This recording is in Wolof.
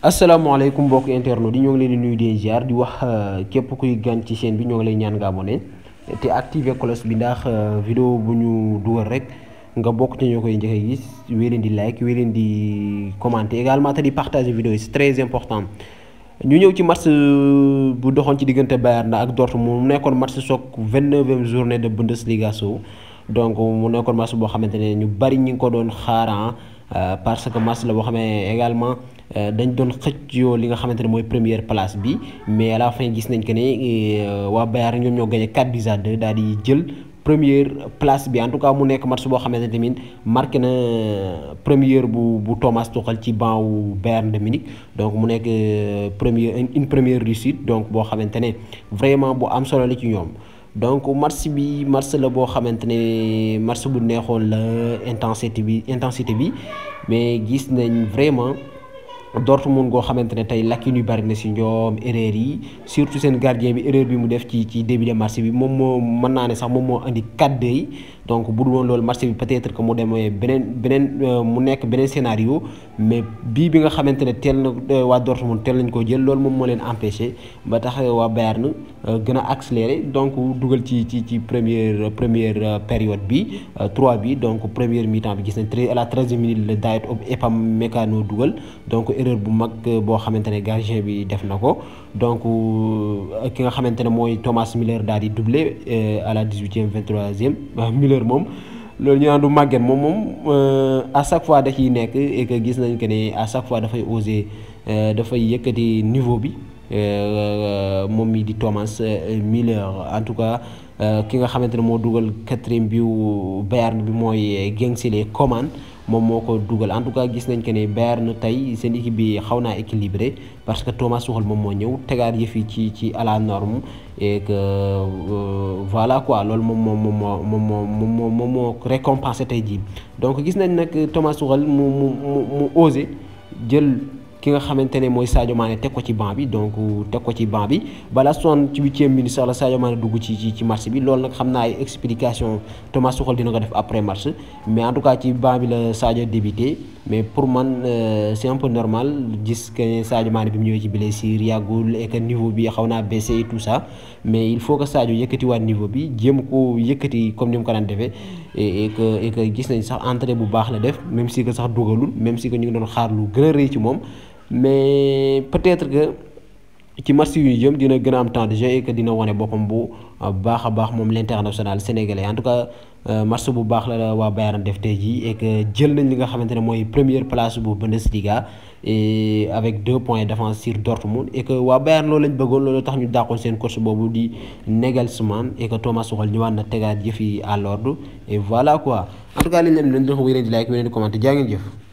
asalaamaaleykum mbokk internet di ñoo ngi leen di nuyu ziar di wax euh, képp kuy ci chaîne bi lay cloche bi euh, vidéo bu ñu dugal rek nga ci commenter également te partager vidéo c'est très important. ñu ñëw ci match euh, bu doxoon ci diggante Bayern ak Dortmund mu match 29e journée de Bundesliga donc mu match boo xamante ñu bari ah. Euh, parce que mars la boo xamee également euh, dañ doon xëccoo li nga xamante ne mooy première place bi mais à la fin gis nañ que ne euh, waa Bayern ñoom ñoo gagné 4 buts à 2 daal di jël première place bi en tout cas mu nekk match boo xamante ne tamit marqué na première bu bu Thomas Tuchel ci banc wu Bayern de Munich donc mu nekk première une première réussite donc boo xamante ne vraiment bu am solo la ci ñoom donc mars bi mars la boo xamante ne bu neexoon la intensité bi intensité bi mais gis nañ vraiment Dortmund go xamantene tay lacune yu bari na ci ñoom erreur yi surtout sen gardien bi erreur bi mu def ci ci début de match bi mom mo mën naa ne sax mom mo andi 4 yi donc bu dul won lool match bi peut-être que mu demee benen benen euh, mu nekk benen scénario mais bi bi nga xamantene tel teel na euh, waa Dortmund tel lañ ko jël lool mom mo leen empêcher ba tax euh, wa Bayern gëna accélérer donc dugal ci ci ci première première période bi 3 bi donc première mi-temps bi gis nañ à la treizième minute la Dayot Upamecano dugal donc erreur bu mag boo donc euh, ki nga ne Thomas miller daal di euh, à la 18e 23e miller moom loolu ñu du Je moom euh, à chaque fois da ciy nekk et que gis nañ à chaque fois dafay oser dafay niveau bi di Thomas miller en tout cas ki nga xamante ne moo dugal quatrième biu Bayern bi moom moo ko dugal en tout cas gis nañ que ne Bayern tey seen équipe bi xaw naa équilibré parce que Thomas Tuchel moom moo ñëw tegaat yëf yi ci ci à la norme et que euh, voilà quoi loolu moom moo moom moo moom moo moom moo récompensé tey jii donc gis nañ nag Thomas Tuchel mu mu mu mu osé jël ki nga xamantene moy Sadio Mané teg ko ci banc bi donc teg ko ci banc bi bala son soixante-huitième minute sax la Sadio Mané dugg ci ci match bi loolu nak xamna ay explication Thomas Tuchel dina ko def après match mais en tout cas ci banc bi la Sadio débuté mais pour man euh, c'est un peu normal gis que Sadio Mané bi ñëw ci blessure yàggul et que niveau bi xawna baissé et tout ça mais il faut que Sadio yëkëti wa niveau bi jëm ko yëkëti comme ni mu ko daan défé et et que et que gis nañ sax entrée bu baax la def même si que sax dugalul même si que ñu ngi don xaar lu gëna reuy ci mom mais peut-être que ci match yu jëm dina gën a am temps de et que dina wane boppam bu euh, baax a baax moom l'international sénégalais en tout cas euh, match bu baax la la waa Bayern def tey jii et que jël nañ li nga xamante ne mooy première place bu Bundesliga et avec deux points d'avance sur Dortmund et que waa Bayern loolu lañ bëggoon loolu tax ñu dàqoon seen course boobu di Nagelsmann et que Thomas Tuchel ñëwaat na tegaat jëf yi à l'ordre et voilà quoi en tout cas liñ leen leen dox wéy di like wéy di commenter jaa ngeen jëf.